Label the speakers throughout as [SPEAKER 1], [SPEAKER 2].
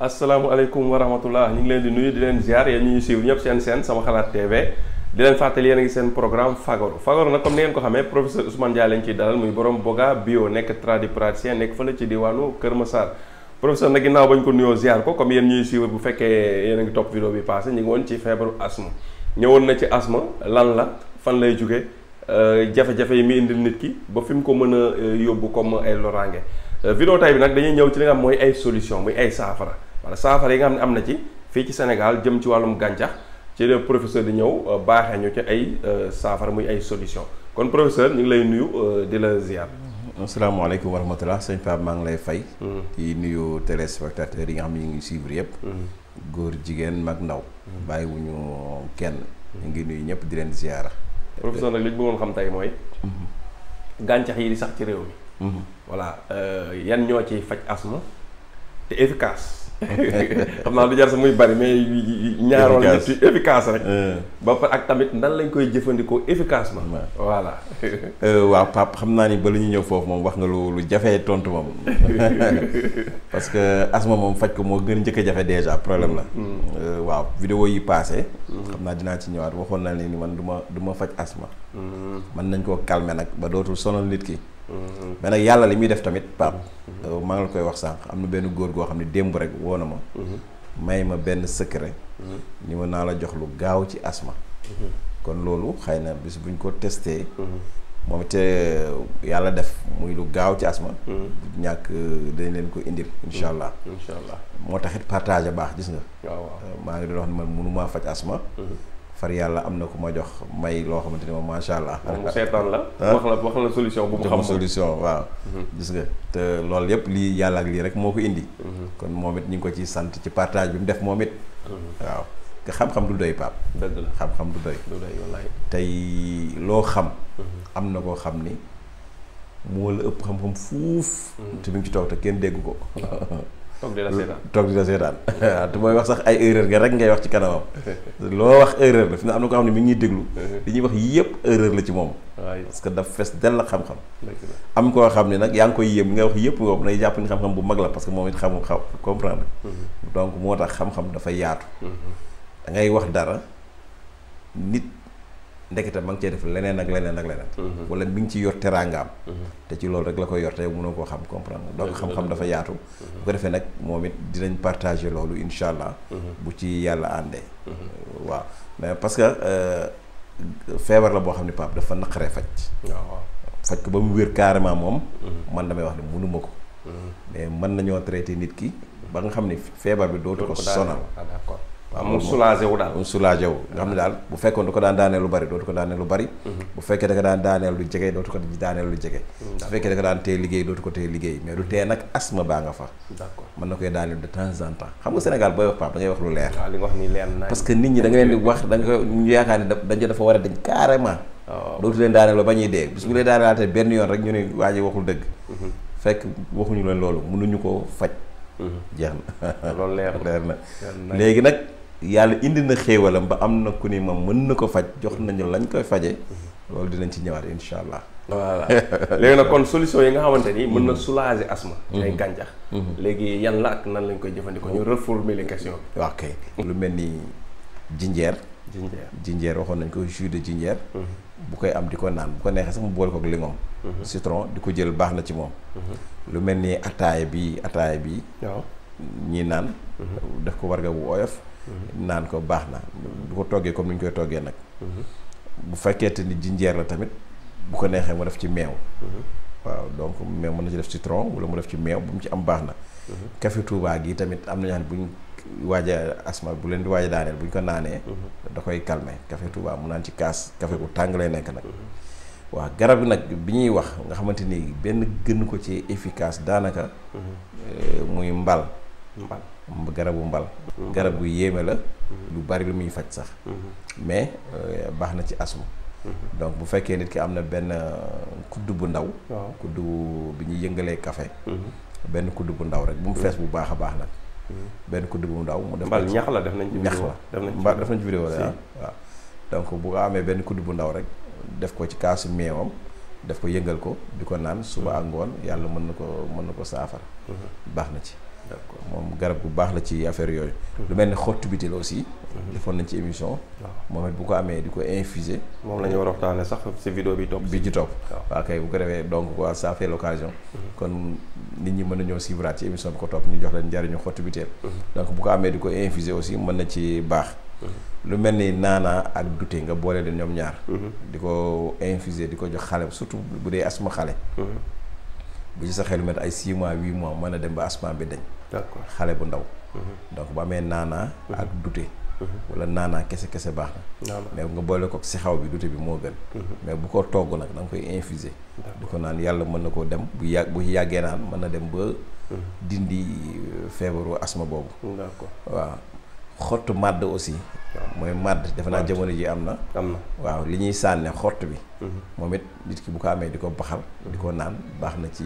[SPEAKER 1] asalaamaaleykum wa rahmatullah ñu ngi leen di nuyu di leen ziar yéen ñu ñu suivre ñëpp seen seen sama xalaat TV di leen fàttali yéen a seen programme Fagaru Fagaru na comme ni ngeen ko xamee professeur Ousmane Ndiaye lañ ciy dalal muy borom Boga bio nekk tradipraticien nekk fële ci diwaanu Kër Massar professeur nag ginnaaw ba ñu ko nuyoo ziar ko comme yéen ñuy suivre bu fekkee yéen a ngi topp vidéo bi passé ñu ngi woon ci feebaru asthme ñëwoon na ci asthme lan la fan lay jóge euh, jafe-jafe yi nit ki ba fi mu ko mën a euh, yóbbu comme ay loraange Euh, vidéo tay bi nag dañuy ñëw ci li nga mooy ay solution muy ay saafara wala saafara yi nga xam ne am na ci fii ci Sénégal jëm ci wàllum gàncax ci le professeur di ñëw euh, baaxee ñu ci ay euh, saafara muy ay solution kon professeur ñu ngi lay nuyu di la ziar.
[SPEAKER 2] asalaamaaleykum wa rahmatulah sëñ Pape maa ngi lay fay. Hmm. di nuyu téléspectateurs yi nga xam ne ñu ngi suivre yëpp. Hmm. góor jigéen mag ndaw. Hmm. bàyyiwuñu kenn. ñu ngi ñëpp di leen ziar. professeur
[SPEAKER 1] nag li ñu bëggoon xam tey mooy. gàncax yi sax ci réew mi. voilà euh, yan ñoo ci faj asthme te efficace xam naa lu jar sa muy bari mais ñaaroo la ci
[SPEAKER 2] euh.
[SPEAKER 1] ak tamit nan lañ koy jëfandikoo efficacement voilà
[SPEAKER 2] euh, waaw Pape xam naa ni ba la ñu ñëw foofu moom wax nga lu lu jafe tontu moom parce que asma moom faj ko moo gën njëkk jafe déjà problème la mm. waaw vidéo yi passé mm. xam naa dinaa ci ñëwaat waxoon na ni man du ma du ma faj asma mm. mën nañ koo calmer nag ba dootul sonal nit ki mais nag yàlla li muy def tamit Pape euh, maa ngi la koy wax sànq am na benn góor goo xam ne démb rek woo na ma may ma benn secret ni ma naa la jox lu gaaw ci asma kon loolu xëy na bis bu buñ ko testé moom te euh, yàlla def muy lu gaaw ci asma ñàkk dañ leen ko indil incha allah incha allah moo taxit partage a baax gis nga waaw euh, maa ngi doon wax ne man faj asma far yàlla am na ko ma jox may loo xamante ni moom macha allah. moom seetaan la. Ah. wax
[SPEAKER 1] la wax la solution bu mu xam solution
[SPEAKER 2] waaw. Mhm. gis nga te loolu yépp lii yàlla ak lii rek moo ko indi. Mhm. kon moom it ñu ngi ko ciy sant ci partage bi mu def moom it. Mhm. waaw nga xam-xam du doy Pape. dëgg la xam-xam du doy. tey loo xam. am na koo xam ni moo la ëpp xam-xam fuuf. te mu ngi ci toog te kenn dégg ko. toog di la seetaan toog di la seetaan waaw te booy wax sax ay erreur nga rek ngay wax ci kanamam. loo wax erreur la fi na am na ko xam ne mi ngi ñuy déglu. li ñuy wax yëpp erreur la ci moom. parce que daf fes dell la xam-xam. am koo xam ne nag yaa ngi koy yéem nga wax yëpp nga nay jàpp ni xam-xam bu mag la parce que moom it xamul xam comprendre. Mm-hmm. donc moo tax xam-xam dafa yaatu. Mm-hmm. da ngay wax dara nit. ndekete ma ngi cee def leneen ak leneen ak leneen. Mhm. wala mi ngi ci yor teraangaam. Mhm. te ci loolu rek la ko yor te mënoo koo xam comprendre donc xam dafa yaatu. Mhm. bu ko nag moom it dinañ partager loolu incha allah. bu ci yàlla àndee. mais parce que euh, feebar la boo xam ne Pape dafa naqaree faj. waaw ba mu wér carrément moom. man damay wax ne mënuma ko. mais mën nañoo traité nit ki. ba nga xam ne feebar bi dootu ko sonal. waaw ah, mu soulagé wu daal mu xam ne daal bu fekkoon da ko daan daaneel lu bari dootu ko daaneel lu bari mhm. bu fekkee da ko daan daaneel lu jege dootu ko daaneel lu jege bu mm, fekkee da ko daan tee liggéey dootu ko tee liggéey mais du tee nag asma baa nga fa d'accord mën daaneel de temps en temps xam nga Sénégal booy wax Pape da ngay wax lu leer waaw ah, li que nit da nga leen di wax da nga oh. daaneel ba ñuy dee bis bu leen daaneelaatee benn yoon rek ñu ne waa waxul dëgg mhm. fekk waxuñu leen loolu mënuñu ko faj mhm. jeex na loolu leer na léegi nag yàlla indi na xéewalam ba am na ku ni ma mën na ko faj jox nañu lañ koy faje loolu dinañ ci ñëwaat incha allah. voilà léegi nag kon
[SPEAKER 1] solution yi nga xamante ni mën na soulager asthme. Mhm. ay gàncax. Mhm. léegi yan la ak nan lañ koy jëfandikoo ñu reformuler question
[SPEAKER 2] bi. waaw kay lu mel ni jinjeer. jinjeer waxoon nañ ko jus de jinjeer. Mhm. bu koy am di ko naan bu ko neexee sax ma boole ko ak limon. citron di ko jël baax na ci moom. lu mel ni ataaya bi ataaya bi. waaw ñi naan. def ko warga bu oyof. naan ko baax na du ko toggee comme ni ñu koy toggee nag bu fekkente ni jinjeer la tamit bu ko neexee mu def ci meew waaw donc meew mën na ci def citron wala mu def ci meew bu mu ci am baax na café Touba gi tamit am na ñoo xam ne bu ñu waaj a asma bu leen di waaj a daaneel bu ñu ko naanee da koy calmer café Touba mu naan ci kaas café bu tàng lay nekk nag waaw garab gi nag bi ñuy wax nga xamante ni benn gën ko ci efficace daanaka mhm. eh, muy mbal mbal garabu mbal. garab gu yéeme la. Mm-hmm. lu bari lu muy faj sax. Mm-hmm. mais euh, baax na ci asthme. Mm-hmm. donc bu fekkee nit ki am na benn euh, kudd bu ndaw. kudd bi ñuy yëngalee kafe benn kudd bu ndaw rek bu mu fees bu baax a baax nag. benn kudd bu ndaw mu def. ñax la def nañ ñax la mbal nañ ci vidéo la waaw. donc bu amee benn kudd bu ndaw rek def ko ci kaasu meewam. def ko yëngal ko di ko naan suba ak ngoon yàlla mën na ko mën na ko saafara baax na ci d'accord moom garab bu baax la ci affaire yooyu. Mhm. lu mel ne xottu bitel aussi. Mhm. defoon nañ ci émission. moom it bu ko amee di ko infuser. moom la ñu war a waxtaanee sax si vidéo bi topp. bi ci topp waaw kay bu ko defee donc quoi ça fait l'occasion. Mhm. kon nit ñi mën nañoo suivraat ci émission bi ko topp ñu jox leen njariñu xottu bitel. donc bu ko amee di ko infuser aussi mën na ci baax. lu mel ni naanaa ak dute nga boole leen ñoom ñaar. di ko infuser di ko jox xale surtout bu dee asma xale bu ci sa met ay 6 mois 8 mois dem ba asma bi dañ. d'accord xalé bu ndaw. Mhm. donc ba amee nana mhm. ak douté mhm. wala nana kessé kessé baax mais nga boole ko si xaw bi douté bi gën. mais bu ko togg nak on koy infuser. ko dem bu yag bu dindi euh, asma xottu màdd aussi. mooy màdd defe naa jamono ji am na. am na waaw li ñuy sànne xott bi. Mhm. moom it nit ki bu ko amee di ko baxal. di ko mhm. naan baax na ci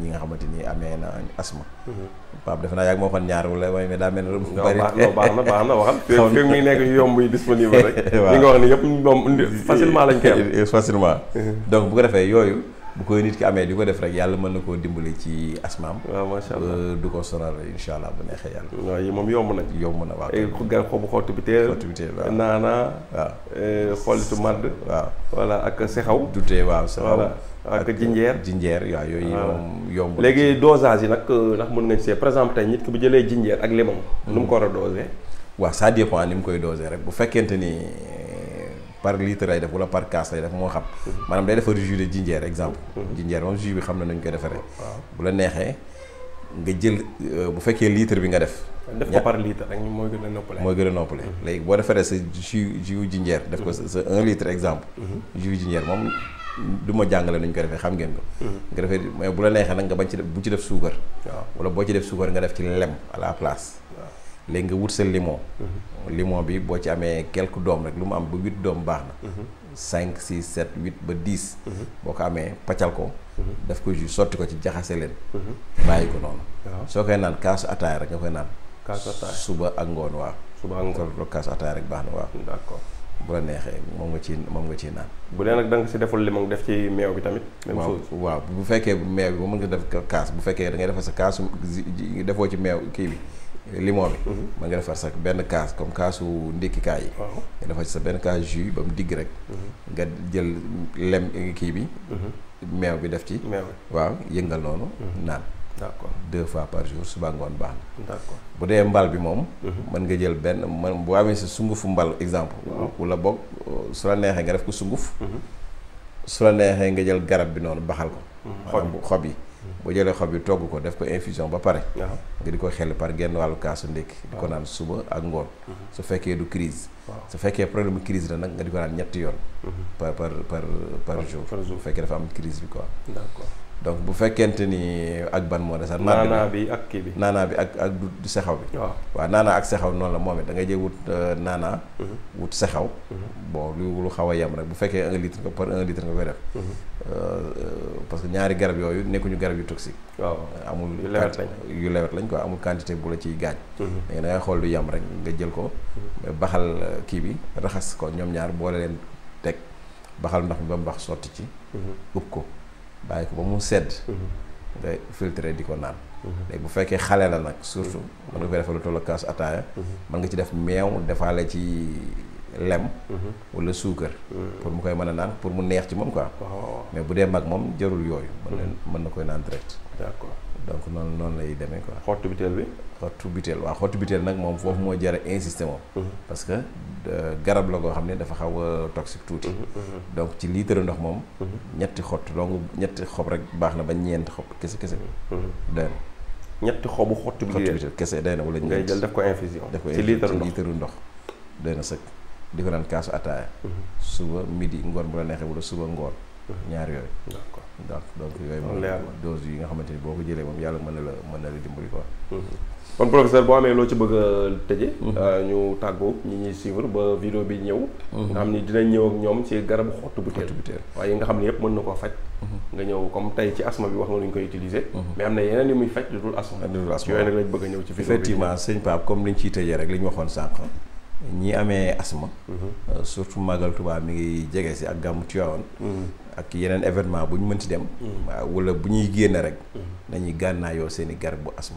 [SPEAKER 2] ñi nga xamante ni amee na asma. Mhm. Pape defe naa yàgg moo fan ñaar wala waaye mais daa mel ni. bari baax na baax na waxal. xaw ma mi nekk yomb yi disponible rek. waaw li nga wax ni yëpp moom facilement lañ koy facilement donc bu ko defee yooyu. bu koy nit ki amee di ko def rek yàlla mën na koo dimbali ci asmaam. waaw macha allah euh, du ko sonal incha allah bu neexee yàlla. moom yomb na. yomb na waaw eh, kay gar xobu xottu bi teel. xottu bi teel waaw naana. waaw
[SPEAKER 1] eh, xollitu màdd. waaw ak sexaw. dutee waaw sexaw voilà ak jinjeer jinjeer yooyu moom yomb léegi dosage yi nag euh, ndax mën nga see par exemple tey nit ki bu jëlee jinjeer ak
[SPEAKER 2] limam. nu mu hmm. ko war a dosé. waaw ça dépend ni mu koy doose rek bu fekkente ni. par litre lay def wala par kaas lay def moo xam. Mhm. maanaam day defar jus de jinjeer exemple. Mhm. Mhm. jinjeer moom jus bi xam na nañ koy defaree. bu la neexee euh, bu fekkee litre bi nga def. def ko par rek mooy gën a noppale. mooy gën a léegi boo defaree sa jus jinjeer. def ko sa un litre exemple. jus jinjeer moom du ma jàngale nañ ko defee xam ngeen nga defee mais bu la neexee nag nga bañ ci def bu ci def suukar. waaw wala boo ci def suukar nga def ci lem à la place. léegi nga wut sa limon. Mhm. limon bi boo ci amee quelques doom rek lu mu am ba huit doom baax na. Mhm. cinq six sept huit ba dix. Mhm. boo ko amee paccal ko. daf ko jus sotti ko ci jaxase leen. bàyyi ko noonu. soo koy naan kaasu ataaya rek nga koy naan. suba ak ngoon waa suba ak ngoon ko kaasu ataaya rek baax na waaw. d'accord bu la neexee moom nga ci moom nga ci naan. bu dee nag
[SPEAKER 1] da nga si deful limon def ci meew bi tamit. même chose
[SPEAKER 2] waaw bu fekkee meew bi ba mën nga def kaas bu fekkee da ngay defal sa defoo ci meew kii bi. limon bi. Mhm. mën nga defar sax benn kaas comme kaasu ndékkikaay yi. nga defar sa benn kaas jus ba mu digg rek. Mhm. nga jël lem kii bi. Mhm. meew bi def ci. meew waaw yëngal noonu. naan. d'accord deux fois par jour suba ngoon baax na. bu dee mbal bi moom. mën nga jël benn man bu amee si sungufu mbal exemple. wala boog su la neexee nga def ko sunguf. su la neexee nga jël garab bi noonu baxal ko. xob xob yi. bu jëlee xob yi togg ko def ko infusion ba pare nga di ko xel par genn wàllu kaasu ndékki di ko naan suba ak ngoon mhm. su fekkee du crise su fekkee problème crise la nag nga di ko naan ñetti yoon mhm. par par par par jour bu fekkee dafa am crise bi quoi d'accord donc bu fekkente ni ak ban moo desal naanaa bi ak kii bi naanaa bi ak ak du sexaw bi waaw waaw naanaa ak sexew noonu la moom it da ngay jël wut euh, naanaa mhm. wut sexaw boo lu lu xaw a yem rek bu fekkee un litre nga par un litre nga koy def Euh, parce que ñaari garab yooyu nekkuñu garab yu toxique. waaw euh, amul yu lewet lañ yu lewet lañ quoi amul quantité bu la ciy gaañ. Mhm. da ngay xool lu yam rek nga jël ko. Mhm. baxal euh, kii bi raxas ko ñoom ñaar boole leen teg baxal ndox mi ba mu sotti ci. Mhm. ub ko bàyyi ko ba mu sedd. nga filtré di ko naan. bu fekkee xale la nag surtout. mën nga koy defal lu toll kaas ataaya. mën nga ci def meew defaale ci. lem. wala suukar. pour mu koy mën a naan pour mu neex ci moom quoi. Oh. mais bu dee mag moom jarul yooyu. mën na hmm. mën na koy naan direct. d'accord donc noonu noonu lay demee ko xottu biteel bi. xottu biteel waaw xottu biteel nag moom foofu moo jar a hmm. parce que garab la goo xam ne dafa xaw a toxique tuuti. Hmm, donc ci litre ndox moom. ñetti xott donc ñetti xob rek baax na ba ñeenti xob kese kese. day na ñetti xobu xottu biteel kese day na wala ñeenti ngay jël def ko infusion. def ko infusion ci litre ndox. doy na sëkk di ko naan kaasu ataaya. suba midi ngoon bu la neexee wala suba ngoon. Mhm. ñaar yooyu. d'accord donc donc yooyu nga xamante ni boo ko jëlee moom yàlla mën na la mën na la dimbali quoi. Mhm. kon professeur boo amee
[SPEAKER 1] loo ci bëgg a tëje mhm. euh, ñu tàggoo ñi ñuy suivre ba vidéo bi ñëw. nga xam ni dinañ ñëw ñoom ci garabu xottu butéel. waaye nga xam ni yëpp mën na koo faj. nga ñëw comme tey ci asma bi wax nga lu ñu koy utiliser. mais am na yeneen yu muy faj lu asma. lu asma ci vidéo bi effectivement
[SPEAKER 2] sëñ Pape comme liñ ciy tëjee rek li ñu waxoon sànq ñi amee asma. Mhm. Euh, surtout Magal tubaab mi ngi jege si ak gàmmu Tivaouane. Mhm. ak yeneen événement bu ñu mënti dem. Mhm. waaw wala bu ñuy génn rek. nañuy gànnaayoo seen i garab bu asma.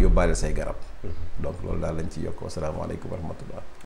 [SPEAKER 2] yóbbaale say garab donc loolu daal lañ ci yokk wasalaamaaleykum wa rahmatullah